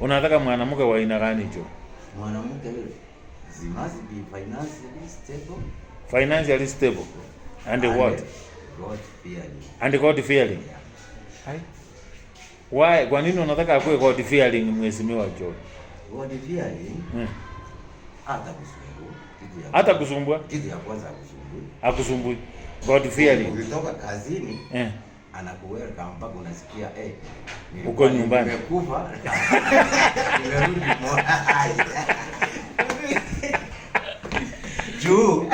Unataka mwanamke wa aina gani jo? Mwanamke yule she must be financially stable. Financially stable. And, and what? God fearing. And God fearing. Yeah. Hai. Why? Kwa nini unataka akuwe God fearing mheshimiwa jo? God fearing. Hmm. Hata kusumbua. Hata kusumbua. Kitu ya kwanza akusumbui. Akusumbui. God fearing. Ukitoka kazini, eh, anakuweka mpaka unasikia eh uko nyumbani. Nimekufa. Nimerudi Juu.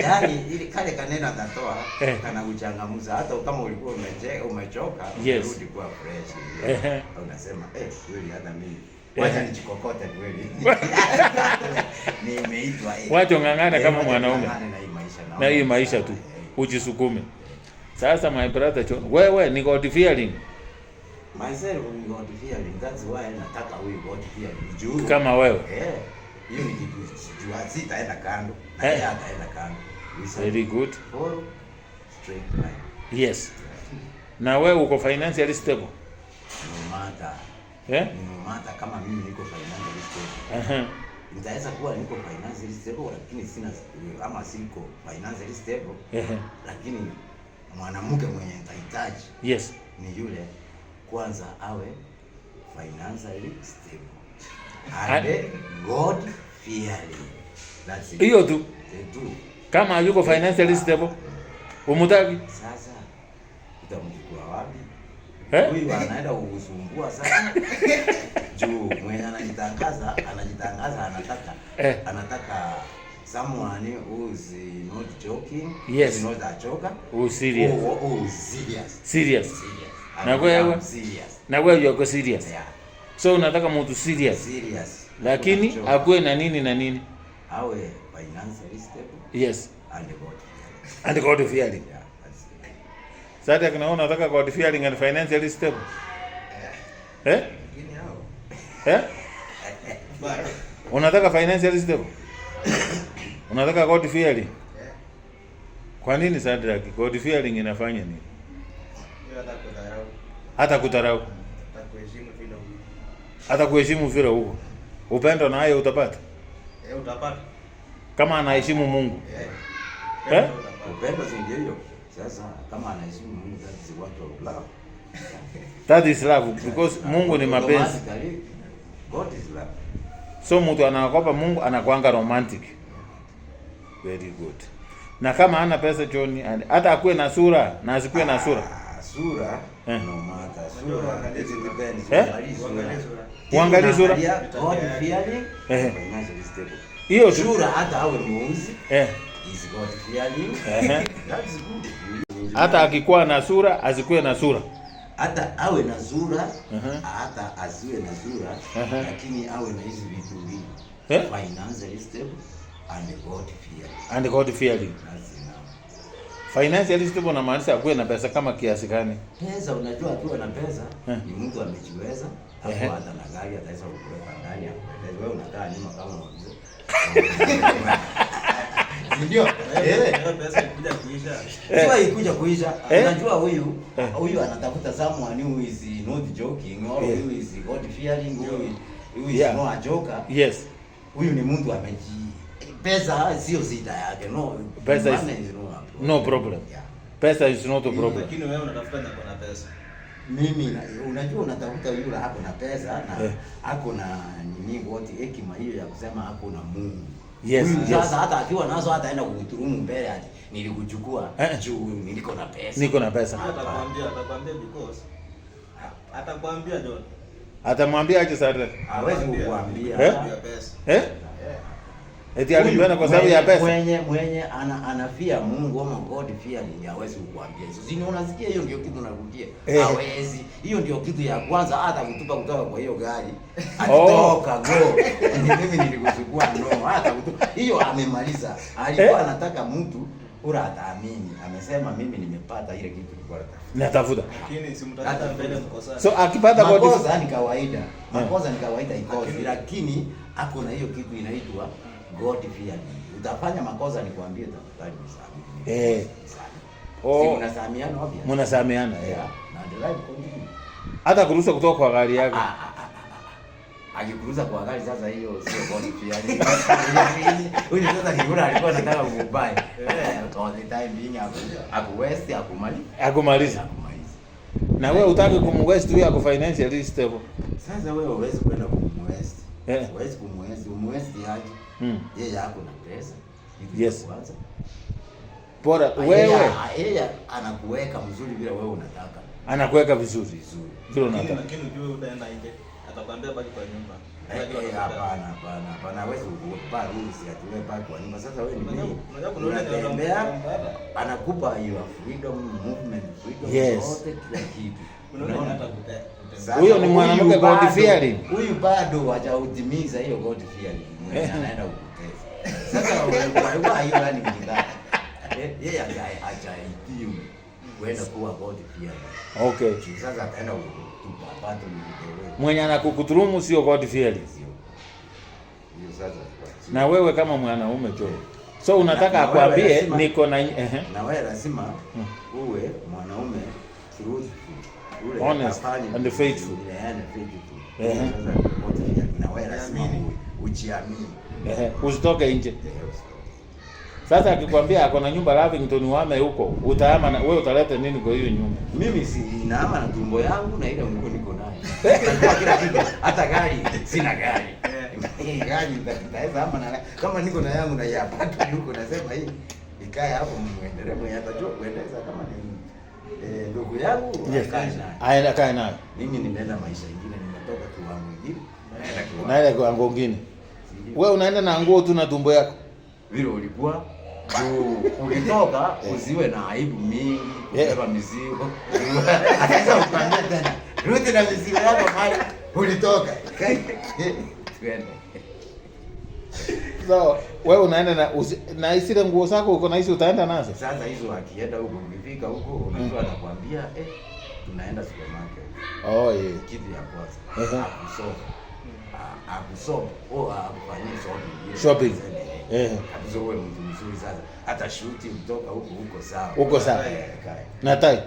Yaani ile kale kaneno atatoa eh. kana kuchangamuza hata kama ulikuwa umeje umechoka yes. Urudi kuwa fresh. Eh. Unasema eh, kweli hata mimi eh. wacha nichikokote kweli. Nimeitwa eh. watu ng'ang'ana kama mwanaume. Na hii maisha tu. Ujisukume. Sasa my brother John, wewe ni God fearing. Myself ni God fearing. That's why nataka we God fearing. Juu. Kama wewe. Eh. Yeah. Hiyo ni kitu juu sitaenda kando. Eh. Yeah. Ataenda kando. Very good. Follow straight line. Yes. Na wewe uko financially stable? No matter. Eh? Yeah? No matter kama mimi niko financially stable. Eh. Uh-huh. Nitaweza kuwa niko financially stable lakini sina ama siko financially stable. Eh. Uh-huh. Lakini mwanamke mwenye atahitaji yes, ni yule kwanza awe financially stable and God fearing. That's it, hiyo tu. Kama yuko financially ah. stable umutaki, sasa utamchukua wapi? Eh? Huyu anaenda kukusumbua sana. Juu mwenye anajitangaza anajitangaza, anataka eh. anataka someone who is eh, not joking yes who's not a joker who is serious who, who is serious serious na wewe na wewe yuko serious yeah. so unataka mtu serious serious lakini akuwe na nini na nini awe financial stable yes and god and god fearing yeah sasa kinaona unataka god fearing and financial stable yeah. eh eh, eh? unataka financial stable Unataka God fearing? Kwa nini Sadrack? God fearing inafanya nini? Hata kutarau. Hata kuheshimu vile huko. Upendo na haya utapata? Eh, utapata. Kama anaheshimu Mungu. Eh? Yeah. Yeah? Upendo si ndio hiyo? Sasa kama anaheshimu Mungu that's what of love. That is love because Mungu ni mapenzi. God is love. So mtu anakopa Mungu anakuanga romantic very good. Na kama hana pesa choni hata akuwe na sura na asikuwe na sura ah, sura eh. no matter sura it depends eh, uangalie sura eh, hiyo sura hata awe muuzi eh, is God fearing eh, that's good. Hata akikuwa na sura asikuwe na sura hata awe na sura uh -huh. hata asiwe na sura uh -huh. lakini awe na hizi vitu mbili eh, financially stable and God fearing. And God fearing. Financialist ndipo namaanisha akuwe na pesa kama kiasi gani? Pesa unajua akiwa na pesa eh, mtu amejiweza, hapo eh. hata na gari ataweza kukuweka ndani hapo. Wewe unakaa nyuma kama mwagizo. Ndio. Eh, pesa ikuja kuisha. Sio eh. ikuja kuisha. Eh. Unajua huyu huyu anatafuta someone who is not joking or who is God fearing, a joker. Yes. Huyu ni mtu pesa sio zida yake, no pesa is, no problem yeah. Pesa is not a problem, lakini wewe unatafuta na kuna pesa mimi unajua, unatafuta yule hapo na pesa na yeah. Ako na nini wote hekima hiyo ya kusema hapo na Mungu. Yes, sasa yes. Hata akiwa nazo hata aenda kuturumu mbele ati nilikuchukua eh, juu niliko na pesa. Niko na pesa. Atakwambia atakwambia because atakwambia John. Atamwambia aje sasa? Hawezi kukuambia. Eh? Eh? Yeah. Eti alipeana kwa sababu ya pesa. Mwenye mwenye ana, anafia Mungu ama God fear ni hawezi kukuambia. Hizo zini unasikia hiyo ndio kitu unarudia. Eh. Hawezi. Hiyo ndio kitu ya kwanza hata kutupa kutoka kwa hiyo gari. Atoka oh. Go. Ni mimi nilikuchukua no hata kutupa. Hiyo amemaliza. Alikuwa eh. Anataka mtu ura ataamini. Amesema mimi nimepata ile kitu nilikuwa natafuta. Natafuta. Lakini simtaka mbele mkosana. So akipata kwa eh. makosa ni kawaida. Makosa ni kawaida ikozi lakini ako na hiyo kitu inaitwa God fear ni utafanya makosa kuambia tafadhali nisamehe. Eh, oh, mnasameheana obvious. mnasameheana eh, na drive continue, hata kuruhusa kutoka kwa gari yako ah, ah, ah, akikuruza kwa gari sasa, hiyo sio God fear. Huyu sasa kigura alikuwa anataka kubai eh, all the time being akuwesti akumali akumaliza na wewe utaki kumwest huyu ako financially stable. Sasa wewe huwezi kwenda kumwest, eh. huwezi kumwest, umwesti haji mm. yeye hako na pesa yes. Kwanza bora wewe, ah, yeye anakuweka mzuri bila wewe unataka, anakuweka vizuri vizuri bila unataka, lakini ujue utaenda nje atakwambia baki kwa nyumba. Eh, eh, hapana, hapana, hapana, ruhusa baki kwa nyumba. Sasa wewe ni nini? Unatembea, anakupa hiyo freedom, movement freedom, yote kila kitu huyo ni mwanamke God fearing. Huyu bado hajautimiza hiyo God fearing. Anaenda kupoteza. Sasa wewe hiyo yani kidhaa. Yeye hajaitiu. Kwenda kuwa God fearing. Okay. Sasa ataenda kutupa pato ni Mwenye anakukuturumu sio God fearing. Hiyo sasa. Na wewe kama mwanaume cho. So unataka akwambie niko na eh. Na wewe lazima hmm. uwe mwanaume truthful honest and the faithful. Usitoke nje. Sasa akikwambia ako na nyumba Lavington wame huko, utahama na wewe utaleta nini kwa hiyo nyumba? Mimi si nahama na tumbo yangu na ile mko niko naye. Kila kitu hata gari sina gari. Gari nitaweza hama na kama niko na yangu na yapata yuko nasema hii ikae hapo muendelee mwenye atajua kuendeza kama eh, ndugu yangu yes, aende akae nayo. Mimi nimeenda maisha nimetoka kiwango naenda kiwango Wewe unaenda na nguo tu na tumbo yako vile ulikuwa ukitoka usiwe eh. na aibu mingi eh. kubeba mizigo. Sasa ukaambia tena rudi na mizigo yako ulitoka. Twende. Sawa, wewe unaenda na usi, na zile nguo zako uko na hizo utaenda nazo. Sasa hizo akienda huko ukifika huko unajua mm. anakuambia eh tunaenda supermarket. Oh yeah. Kitu ya kwanza. Eh. Uh-huh. Akusoma. Akusoma. Ah, oh akufanyie shopping. Shopping. Eh. Kabisa wewe mtu mzuri sasa. Hata shuti mtoka huko huko sawa. Huko sawa. Eh, na tai.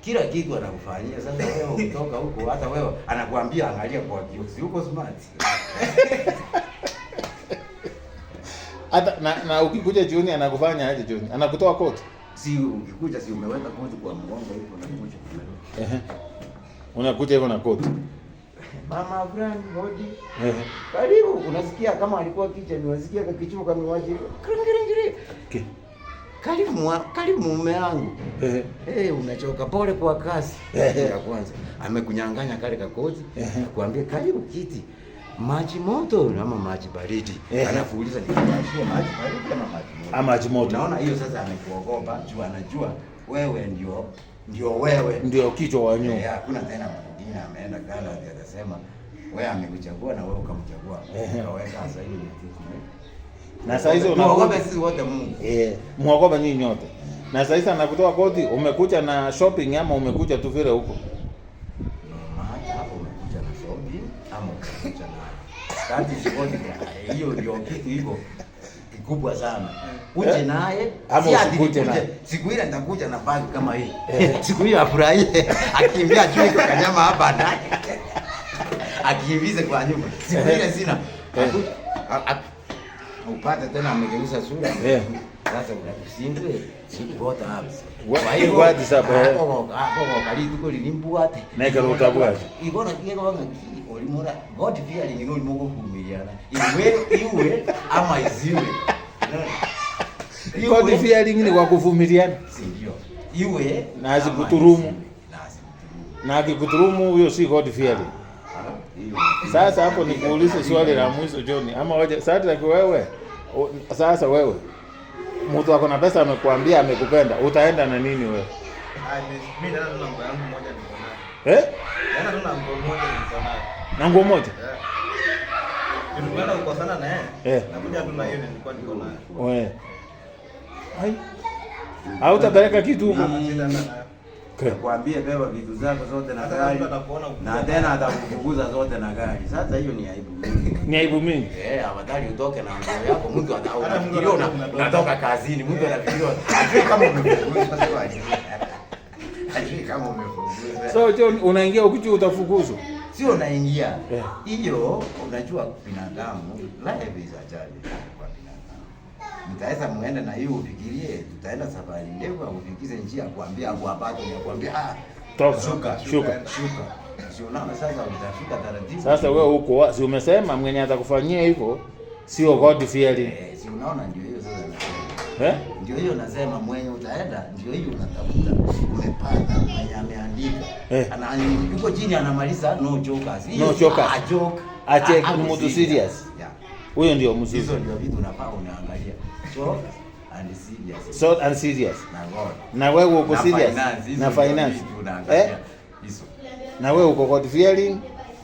Kila kitu anakufanyia sasa wewe kutoka huko hata wewe anakuambia angalia kwa kiosi Huko smart. hata na, na ukikuja jioni anakufanya aje jioni? Anakutoa kote. Si ukikuja si umeweka kote kwa mgongo hivyo na kuja. Ehe. Unakuja hivyo na kote. Mama Abraham Modi. Ehe. Karibu unasikia kama alikuwa kicha ni wasikia kwa kichuko kama waje. Kringiringiri. Okay. Karibu karibu mume wangu. Ehe. Eh hey, unachoka pole kwa kasi. Ya kwanza amekunyang'anya kale kakoti, kuambia karibu kiti maji moto ama maji baridi eh. Alafu uliza ni maji maji baridi ama maji moto ama ah, maji moto. Naona hiyo sasa amekuogopa juu anajua wewe ndio ndio wewe ndio kichwa wa nyumba eh, hakuna tena mwingine. Ameenda gala ndio akasema wewe amekuchagua na wewe ukamchagua eh, kaweka sasa hiyo na sasa hizo unaogopa sisi wote Mungu eh, muogopa nyinyi nyote. Na sasa hizo anakutoa koti, umekuja na shopping ama umekuja tu vile huko kazi zikoni, hiyo ndio kitu hiko kikubwa sana. Eh. Uje naye eh. si asikute siku ile nitakuja na bag kama hii eh. siku hiyo afurahie, akimbia juu kwa kanyama hapa ndani akimbize kwa nyumba. Siku ile sina upate tena amegeuza sura sasa unakusindwe sikubota hapo. Kwa hiyo kwaje sasa? Hapo eh. hapo kali tuko lilimbuate. Neka utabwaje? Ibona kiega wanga olimora God pia lingino limogo kumiliana. Iwe iwe ama isiwe. God pia lingine kwa kuvumiliana. Ndio. Iwe na azikuturumu. Na azikuturumu huyo si God fearing. Ah, sasa hapo nikuulize swali la mwisho John, ama waje sasa wewe sasa wewe mtu ako na pesa amekuambia amekupenda, utaenda na nini wewe? Eh? Na nguo moja eh. eh. eh. hautapeleka kitu huko akwambie beba vitu zako zote na gari na tena atakufukuza zote na gari. Sasa hiyo ni aibu mingi, ni aibu mingi eh. Afadhali utoke na nguo yako, mtu ataona natoka kazini, mtu anafikiria kama umefukuzwa. Kama umefukuzwa, so hiyo unaingia ukichu, utafukuzwa, sio unaingia eh. hiyo. Unajua binadamu life is a challenge mtaweza muende na hiyo ufikirie, tutaenda safari ndefu, ufikize njia, kuambia au akuapate ya kuambia ah, toka shuka shuka shuka. Sio na sasa, utafika taratibu. Sasa wewe huko si umesema mwenye atakufanyia hivyo sio God fearing, eh? eh si unaona, ndio hiyo sasa. Eh, ndio hiyo nasema, mwenye utaenda ndio hiyo unatafuta, umepata mwenye ameandika eh, ana yuko chini anamaliza, no jokers, no jokers, a ah, joke, a check, ah, mtu serious. Huyo ndio mzuri, hizo ndio vitu unafaa unaangalia salt and serious. Na wewe uko serious na finance. Eh? Na wewe uko God fearing?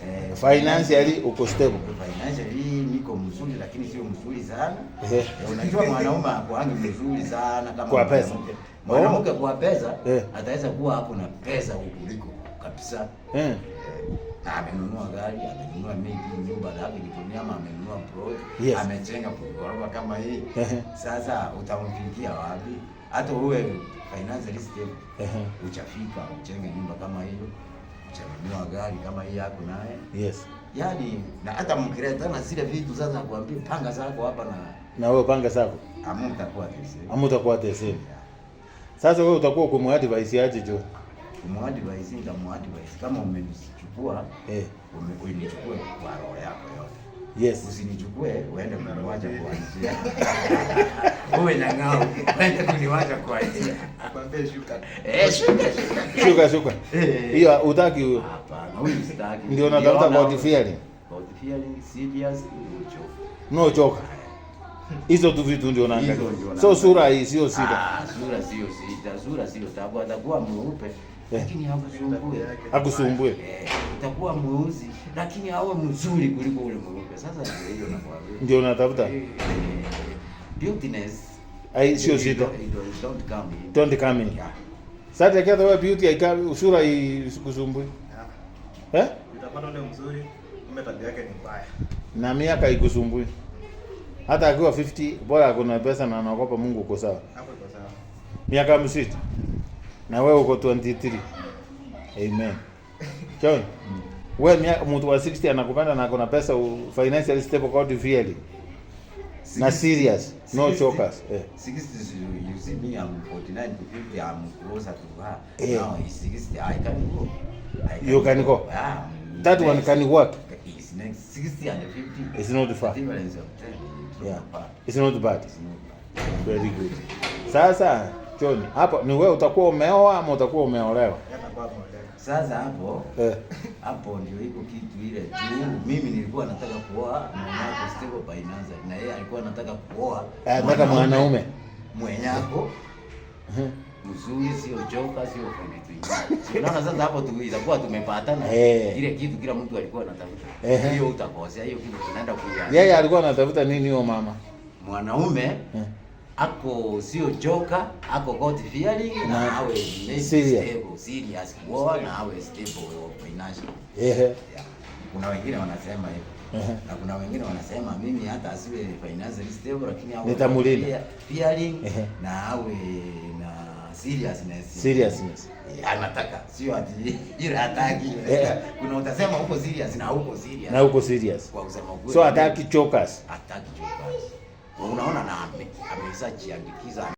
Eh? eh, financially uko stable. Financially niko mzuri lakini sio mzuri sana. Eh. eh unajua mwanaume hakuangi mzuri sana kama kwa pesa. Mwanamke kwa oh. pesa eh. ataweza kuwa hapo na pesa kuliko kabisa. Eh amenunua gari, amenunua miji, nyumba na hapo amejitumia nyama amenunua plot, yes. Amejenga ghorofa kama hii. Sasa utamfikia wapi? Hata uwe financial yako uchafika uchenge nyumba kama hiyo, uchanunua gari kama hii yako naye. Yes. Yaani na hata mkiletana zile vitu sasa kuambia panga zako hapa na na wewe panga zako. Amu Amutakuwa tese. Amutakuwa tese. Sasa wewe utakuwa kumwadvise aje jo? kumuadvise nitamuadvise kama umenichukua eh, ume, unichukue kwa roho yako yote. Yes. Usinichukue uende kuniwacha kwa njia. Uwe na ngao, uende kuniwacha kwa njia. Kwambie shuka. Eh, shuka shuka. Shuka shuka. Eh. Hiyo utaki huyo. Hapana, huyu sitaki. Ndio natafuta God fearing. God fearing serious uchoka. No choka. Hizo tu vitu ndio naangalia. So sura hii sio sita. Ah, sura sio sita. Sura sio tabu atakuwa mweupe. Eh. lakini hakusumbue, hakusumbue. Eh, Utakuwa mweusi lakini awe mzuri kuliko ule mweupe. Sasa ndio hiyo nakwambia, ndio unatafuta beautiness. Eh, Ai, sio shida, don't come in, don't come in. Sasa take the beauty aika usura isikusumbue, eh, utapata ule mzuri, kumbe tabia yake ni mbaya na miaka ikusumbue. Hata akiwa 50 bora, kuna pesa na anaogopa Mungu, uko sawa hapo, uko sawa miaka msita na wewe uko 23 amen John wewe wewe mtu wa 60 anakupanda na akona pesa financially stable kwa really. na serious no chokers 60 eh. you see me I'm 49 to 50 I'm closer to her eh. now is 60 I can go I can you can go, go. Ah, that one can work It's next 60 and 50 it's not far difference yeah it's not bad, it's not bad. very good sasa Choni. Hapa ni wewe utakuwa umeoa ama utakuwa umeolewa? Sasa hapo eh, hapo ndio iko kitu ile juu Mimi nilikuwa nataka kuoa mwanako stable finance, na yeye alikuwa anataka kuoa eh, nataka mwanaume mwenyako mzuri, eh. sio joka, sio kitu. Unaona sasa hapo tu itakuwa tumepatana eh, ile kitu kila mtu alikuwa anatafuta eh. hiyo, utakosea hiyo kitu tunaenda kuja. Yeye alikuwa anatafuta nini huyo mama mwanaume eh ako sio joka, ako God fearing na awe stable, serious kuoa na awe stable financially. Ehe. Yeah. Kuna wengine wanasema hivyo. Uh -huh. Na kuna wengine wanasema mimi hata asiwe financial stable lakini awe nitamulinda fearing uh -huh. na awe na seriousness. Seriousness. Yeah, anataka sio ati ile hataki. Yeah. Kuna utasema huko serious na huko serious. Na huko serious. Kwa kusema kweli. So hataki chokers. Hataki chokers unaona na amewezajiandikiza